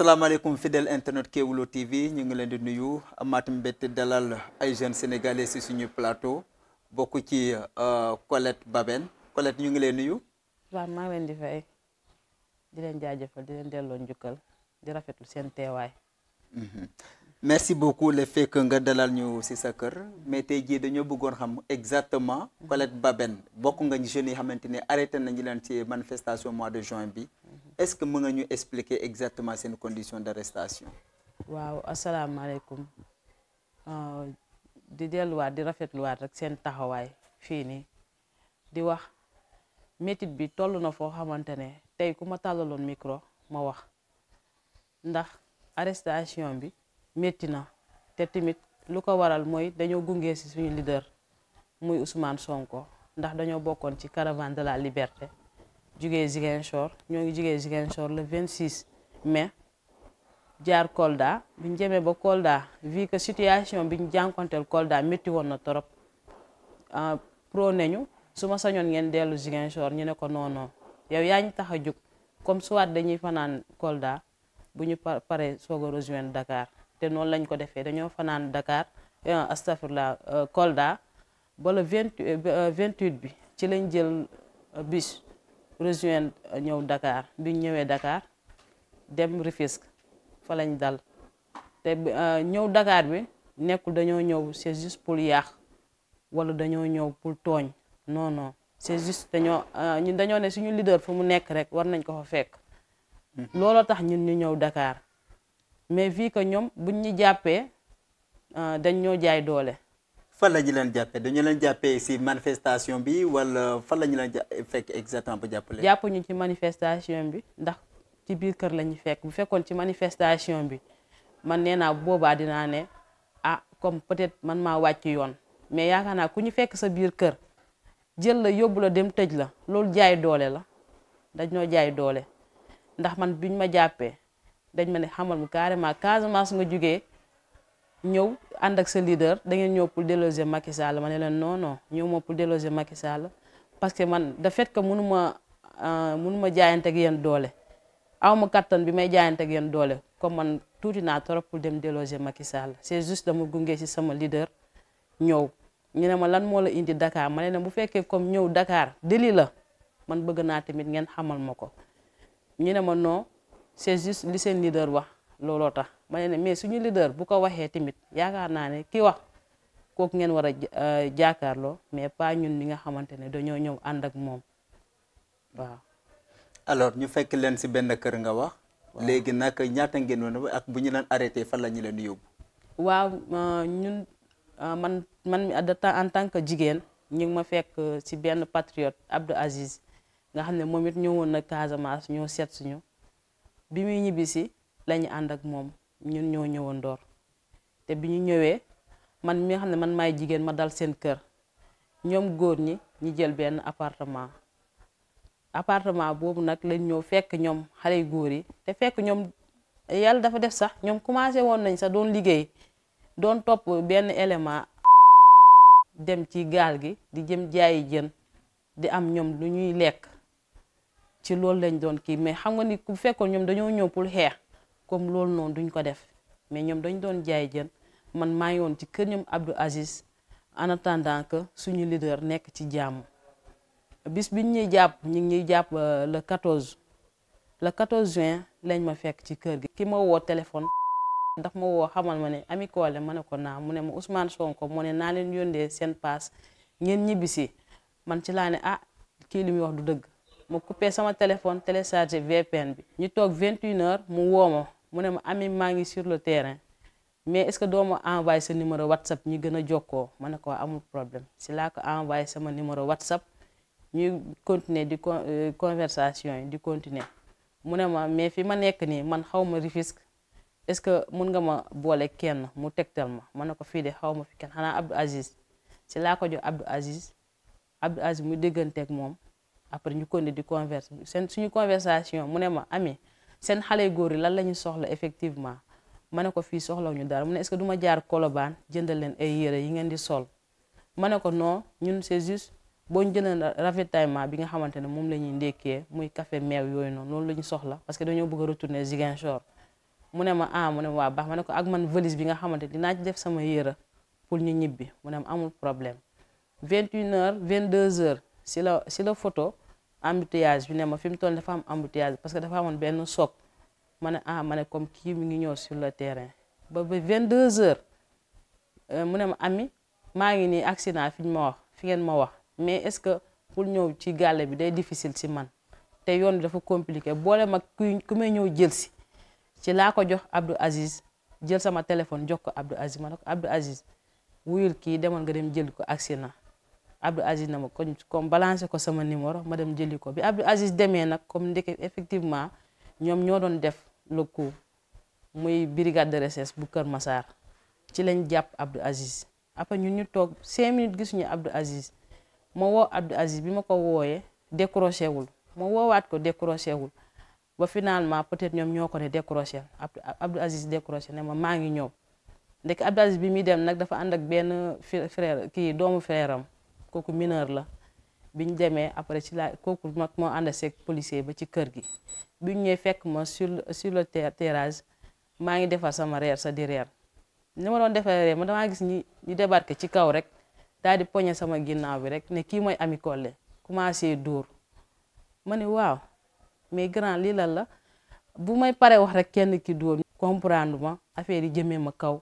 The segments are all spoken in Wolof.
alaikum, fidèle internet TV ñu ngi leen di nuyu dalal ay sénégalais sur suñu plateau bokku ci euh, Colette Babène Colette ñu ngi leen nuyu. wa ma ngi di fay di leen jaajeufal di leen mhm. merci beaucoup le fait que nga dalal ñu à sa cœur mais bëggoon exactement mhm. Colette baben. bokku nga yi arrêté mois de juin est-ce que mën nga expliquer exactement ces conditions d'arrestation waaw asalaamaaleykum euh, di delluwaat di rafetluwaat rek seen taxawaay fii fini. di wax métit bi tollu na fo xamantene tay tey talalon micro ma wax ndax arrestation bi metti na té timit lu ko waral moy daño gunge ci suñu leader muy Ousmane Sonko ndax daño bokkoon ci caravane de la liberté jugee Ziguinchor ñoo ngi jugee Ziguinchor le 26 mais jaar Kolda bi ñu jëmee ba Kolda vu que situation bi ñu jànkonteel Kolda métti woon na trop ah, pro nañu su ma sañoon ngeen dellu Ziguinchor ñu ne ko non non yow yaa ñu tax a jug comme soit dañuy fanaan Kolda bu ñu paree soog a rejoindre dakaar te noonu lañ ko defee dañoo fanaan Dakar eh, astafurla euh, Kolda ba le 28 euh, euh, bi ci lañ jël bis rejoindre euh, ñëw dakaar bi ñëwee dakaar dem Rufisque fa lañ dal te euh, ñëw Dakar bi nekkul dañoo ñëw c'est juste pour yàq wala dañoo ñëw pour tooñ non non c'est juste dañoo euh, ñun dañoo ne suñu leader fu mu nekk rek war nañ ko fa fekk. Mm-hmm. looloo tax ñun ñu ñëw dakaar mais vu ko ñoom buñ ñu jàppee dañ ñoo jaay doole. fan la ñu leen jàppee dañu leen si manifestation bi wala fan la ñu leen fekk exactement ba jàppale. jàpp ñu ci manifestation bi ndax ci biir kër la ñu fekk bu fekkoon ci manifestation bi man nee naa boobaa dinaa ne ah comme peut-être man maa wàcc yoon mais yaakaar naa ku ñu fekk sa biir kër jël la yóbbu la dem tëj la loolu jaay doole la dañ dañoo jaay doole ndax man biñ ma jàppee dañ ma ne xamal mu carrément Casamance nga jugee. ñëw ànd ak sa leader da ngeen ñëw pour déloger Macky Sall ma ne leen non ñëw ma pour déloger Macky Sall parce que man de fait que mënu ma euh, mënu ma jaayante ak yéen doole aw ma kattan bi may jaayante ak yéen doole comme man tuuti naa trop pour dem déloger Macky Sall c'est juste dama gunge si sama leader ñëw ñu ne ma lan moo la indi dakaar ma ne leen bu fekkee comme ñëw dakaar deli la man bëgg naa tamit ngeen xamal ma ko ñu ne ma noo c'est juste li seen leader wax looloo tax ma ne ne mais suñu leader bu ko waxee tamit yaakaar naa ne kii wax kooku ngeen war a euh, jàkkaarloo mais pas ñun ñi nga xamante ne dañoo ñëw ànd ak moom waaw. alors ñu fekk leen si benn kër nga wax. léegi nag ñaata ngeen woon ak bu ñu leen arrêté fan la ñu leen yóbbu. waaw euh, ñun euh, man man mi en tant que jigéen ñu ngi ma fekk si benn patriote Abdou Aziz nga xam ne moom it ñëw woon na Casamance ñoo seet suñu bi muy ñibbisi. ñu ànd ak moom ñun ñoo ñëwoon door te bi ñu ñëwee man mi nga xam ne man maay jigéen ma dal seen kër ñoom góor ñi ñu jël benn appartement appartement boobu nag lañ ñëw fekk ñoom xale yu góor yi te fekk ñoom yàlla dafa def sax ñoom commencé woon nañ sax doon liggéey doon topp benn élément dem ci gaal gi di jëm jaayi jën di am ñoom lu ñuy lekk ci loolu lañ doon kii mais xam nga ni fekkoon ñoom dañoo ñëw pour xeex comme loolu noonu duñ ko def mais ñoom dañ doon jaay jën man maa ngi woon ci kër ñoom Abdou Aziz en attendant que suñu lider nekk ci jàmm bis bi ñuy jàpp ñu ngi ñuy jàpp euh, le 14 le juin lañ ma fekk ci kër gi. ki ma woo téléphone daf ma woo xamal ma ne Ami Collé ma ne ko naa mu ne ma Ousmane Sonko mu ne naa leen yóndee seen paas ngeen ñibbisi man ci laa ne ah kii li muy wax du dëgg ma coupé sama téléphone téléchargé VPN bi ñu toog 21 heures mu woo mu ne ma ami maa ngi sur le terrain mais est-ce que doo envoyé sa numéro WhatsApp ñi gën a jokkoo ma ne ko amul problème si laa ko envoyé sama numéro WhatsApp ñuy continuer di con euh, conversation yi di continuer mu ne ma mais fi ma nekk nii man xaw ma Rufisque est-ce que mun nga ma boole kenn mu tegtal ma ma ne ko fii de xaw ma fi kenn xanaa Abdou Aziz si laa ko jox Abdou Aziz Abdou Aziz mu dégganteeg moom après ñu continuer di converse seen suñu conversation mu ne ma ami seen xale góor yi lan la ñu soxla effectivement ma ne ko fii ñu dara mu ne est-ce que du jaar kolobaan jëndal leen ay yére yi ngeen di sol ma ne ko non ñun c'est boo ñu jëndal ravitaillement bi nga xamante ne moom la ñuy ndékkee muy café meew yooyu noonu loolu la ñu soxla parce que dañoo bëgg a retourner mu ne ma ah mu ne waa baax ma ne ko ak man valise bi nga xamante dinaa ci def sama yére pour ñu ñibbi mu ne ma amul problème 21 heures 22 heures si la si la photo embouteillage bi ne ma fi mu toll dafa am embouteillage parce que dafa amoon benn soog ma ne ah mane ne comme kii mu ngi ñëw sur le terrain ba vingt deux h euh, mu ne ma ami maa ngi ni accident fi ñu ma wax fi ngeen ma wax mais est-ce que pour ñëw ci gàlle bi day difficile si man te yoon dafa compliquer boole mag ku ku may ñëw jël si ci laa ko jox Abdou Aziz jël sama téléphone jox ko Abdou Aziz ma ne ko Abdou Aziz wuyul kii demoon nga dem jël ko accident. Abdou Aziz na ma kon comme balancé ko sama numéro ma dem jëli ko bi Abdou Aziz demee nag comme ndeke effectivement ñoom ñoo doon def le muy brigade de recherche bu Kër Massar ci lañ jàpp Abdou Aziz après ñun ñu toog cinq minutes gisuñu Abdou Aziz ma woo Abdou Aziz bi ma ko wooyee décroché wul ma woowaat ko décroché wul ba finalement peut-être ñoom ñoo ko ne décroché Abdou Abdou Aziz ne ma maa ngi ñëw ndek Abdou bi muy dem nag dafa ànd ak benn frère kii doomu frère kooku mineur la bi ñu demee après ci la kooku mag moo ànd seeg policier ba ci kër gi bi ñu ñëwee fekk ma sur sur le terrasse maa ngi defar sama reer sa di reer ni ma doon defaree reer ma damaa gis ni ñu débarqué ci kaw rek daal di poñe sama ginnaaw bi rek ne kii mooy Ami Collé commencé dóor ma ne waaw mais grand lii la bu may pare wax rek kenn ki dóor comprendre ma affaire yi jëmee ma kaw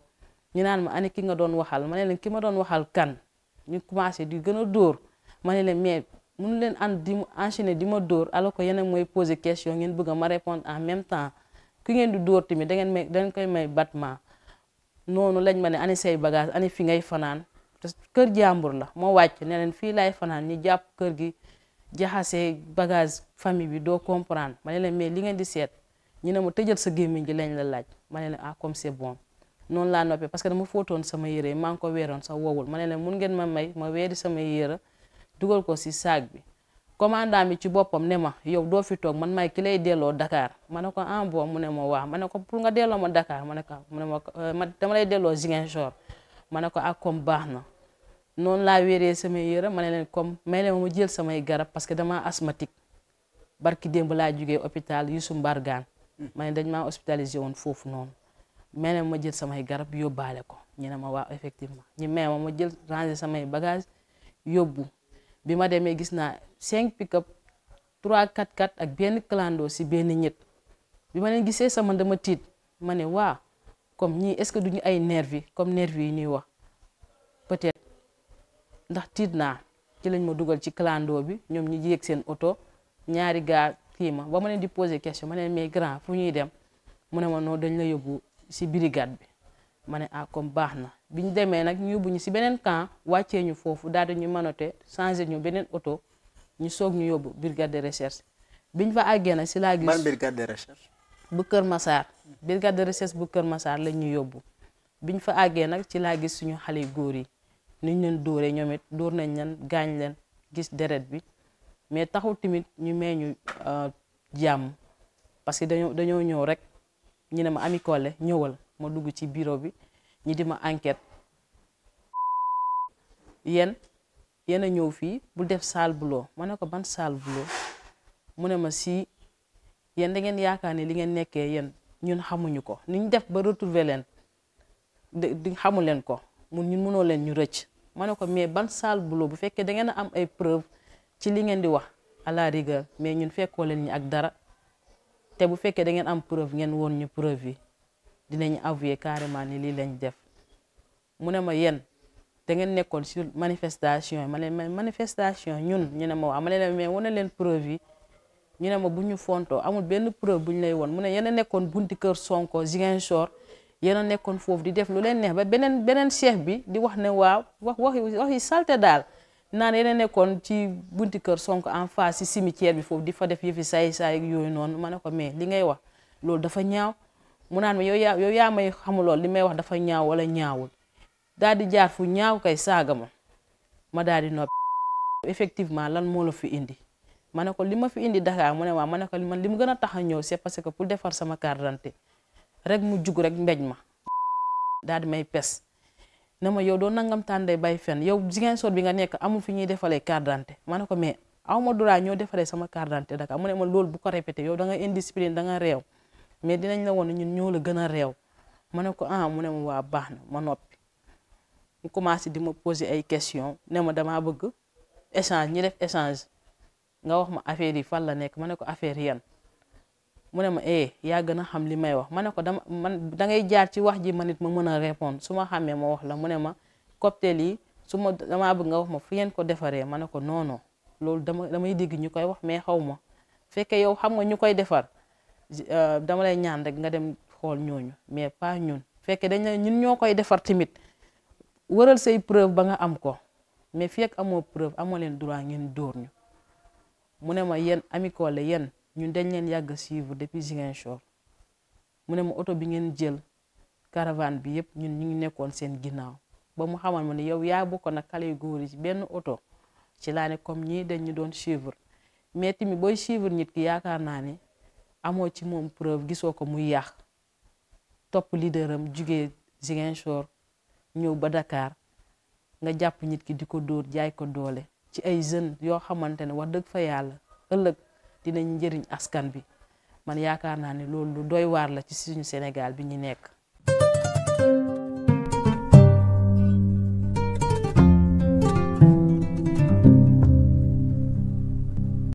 ñu naan ma ani ki nga doon waxal ma ne leen ki ma doon waxal kan ñu commencé di gën a dóor ma ne leen mais mënu leen an di enchaîner di ma dóor alors que yeneen mooy poser question ngeen bëgg a ma répondre en même temps ki ngeen di dóor timi da ngeen may da koy may battement noonu lañ ma ne ani say bagage ani fi ngay fanaan te kër jàmbur la moo wàcc ne leen fii laay fanaan ñu jàpp kër gi jaxasee bagage famille bi doo comprendre ma ne leen mais li ngeen di seet ñu ne ma tëjël sa gémmiñ gi lañ la laaj ma ne leen ah comme c'est bon noonu laa noppee parce que dama fóotoon sama yére maa ngi ko weeroon sax wowul ma ne leen mun ngeen ma may ma weeri sama yére dugal ko si saak bi commandant bi ci boppam ne ma yow doo fi toog man may ki lay delloo Dakar ma ne ko ah mu ne ma waaw ma ne ko pour nga delloo ma Dakar ma ne ko mu ne ma euh, ma dama lay delloo Ziguinchor ma ne ko ak ah comme baax na noonu laa wéeree samay yére ma ne leen comme may leen jël samay garab parce que dama asthmatique barki démb laa jugee hôpital Youssou Mbargane mm. ma ne dañ maa hospitalisé woon foofu noonu mais nag ma jël samay garab yóbbaale ko ñu ne ma waaw effectivement ñu may ma ma jël ranger samay bagage yóbbu bi ma demee gis naa cinq pick-up trois quatre quatre ak benn clando si benn ñett bi ma leen gisee sama dama tiit ma ne waa comme ñii est-ce que duñu ay nervi comme nervi yi ñuy wax peut-être ndax tiit naa ci lañ ma dugal ci clando bi ñoom ñu yéeg seen oto ñaari gaa kii ma ba ma leen di poser question ma ne mais grand fu ñuy dem mu ne ma non si brigade bi ma ne ah comme baax na bi ñu demee nag ñu yóbbu ñu si beneen camp wàccee ñu foofu daal di ñu manote changé ñu beneen oto ñu soog ñu yóbbu brigade de recherche bi ñu fa àggee nag si laa gis. man brigade de Kër Massar brigade de recherche bu Kër Massar lañ ñu yóbbu biñ fa àggee nag ci laa gis suñu xale góor yi niñ leen dóoree ñoom it dóor nañ leen gaañ leen gis deret bi mais taxul tamit ñu meeñu euh, jàmm parce que ñëw rek. ñi ne ma Ami Collé ñëwal ma dugg ci bureau bi ñi di ma enquête yéen yéen a ñëw fi bu def salle boulot ma ne ko ban salle bulo mu ne ma si yen da ngeen yaakaane li ngeen nekké yéen ñun xamuñu ko ni def ba retrouver len di xamu len ko mun ñun mëno len ñu recc ma ne ko mais ban salle bulo bu fekkee da ngeen am ay preuve ci li ngeen di wax à la rigueur mais ñun fekkoo leen ñi ak dara te bu fekkee da ngeen am preuve ngeen woon ñu preuve yi dinañu avouer carrément ni lii lañ def mu ne ma yéen da ngeen nekkoon sur manifestation ma leen manifestation ñun ñu ne ma waaw ma leen mais wane leen provi yi ñu ne ma bu ñu fontoo amul benn preuve bu ñu lay woon mu ne yéen a nekkoon bunti kër Sonko Ziguinchor yéen a nekkoon foofu di def lu leen neex ba beneen beneen chef bi di wax ne waaw wax wak wax yi salte daal. naan yeneen nekkoon ci bunti sonk Sonko en face si cimetière bi foofu di fa def yëfi saay saay yooyu noonu ma ne ko mais li ngay wax loolu dafa ñaaw mu naan ma yow yaa yow yaa may xamuloo li may wax dafa ñaaw wala ñaawul daal di jaar fu ñaaw kay saaga ma ma daal di noppi effectivement lan moo la fi indi ma ne ko li ma fi indi Dakar mu ne waaw ma ne ko man li mu gën a tax a ñëw c'est parce que pour defar sama carte d'identité rek mu jug rek mbéj ma daal di may pes ne ma yow doo nangam taan day bay fen yow Ziguinchor bi nga nekk amul fi ñuy defalee carte d'identité ma ne ko mais aw ma droit ñoo defalee sama carte d'identité Dakar mu ne ma lool bu ko répété yow da nga indiscipline da nga réew mais dinañ la woon ñun ñoo la gën a réew ma ne ko ah mu ne ma waa baax ma noppi mu commencé di ma poser ay question ne ma damaa bëgg échange ñi def échange nga wax ma affaire yi fan la nekk ma ne ko affaire yan mu ne ma eh yaa gën a xam li may wax ma ne ko dama man da ngay jaar ci wax ji ma it ma mën a répondre su ma xàmmee ma wax la mu ne ma cocktail yi su ma damaa bëgg nga wax ma fu ngeen ko defaree ma ne ko non loolu dama damay dégg ñu koy wax mais xaw ma fekkee yow xam nga ñu koy defar euh, dama lay ñaan rek nga dem xool ñooñu mais pas ñun fekkee dañ ñun ñoo koy defar tamit wëral say preuve ba nga am ko mais fekk amoo preuve amoo leen droit ngeen dóor ñu mu ne ma yéen amicale yéen ñun dañ leen yàgg a suivre depuis Ziguinchor mu ne mu oto bi ngeen jël caravane bi yëpp ñun ñu ngi nekkoon seen ginnaaw ba mu xamal ma ne yow yaa bokkoon ak xale yu góor yi ci benn oto ci laane ne comme ñii dañ doon suivre mais mi booy suivre nit ki yaakaar naa ne amoo ci moom preuve gisoo ko muy yàq topp leader am jugee Ziguinchor ñëw ba Dakar nga jàpp nit ki di ko dóor jaay ko doole ci ay jeunes yoo xamante ne wa dëgg fa yàlla ëllëg. dinañ njëriñ askan bi man yaakaar naa ne loolu doy waar la ci suñu Sénégal bi ñu nekk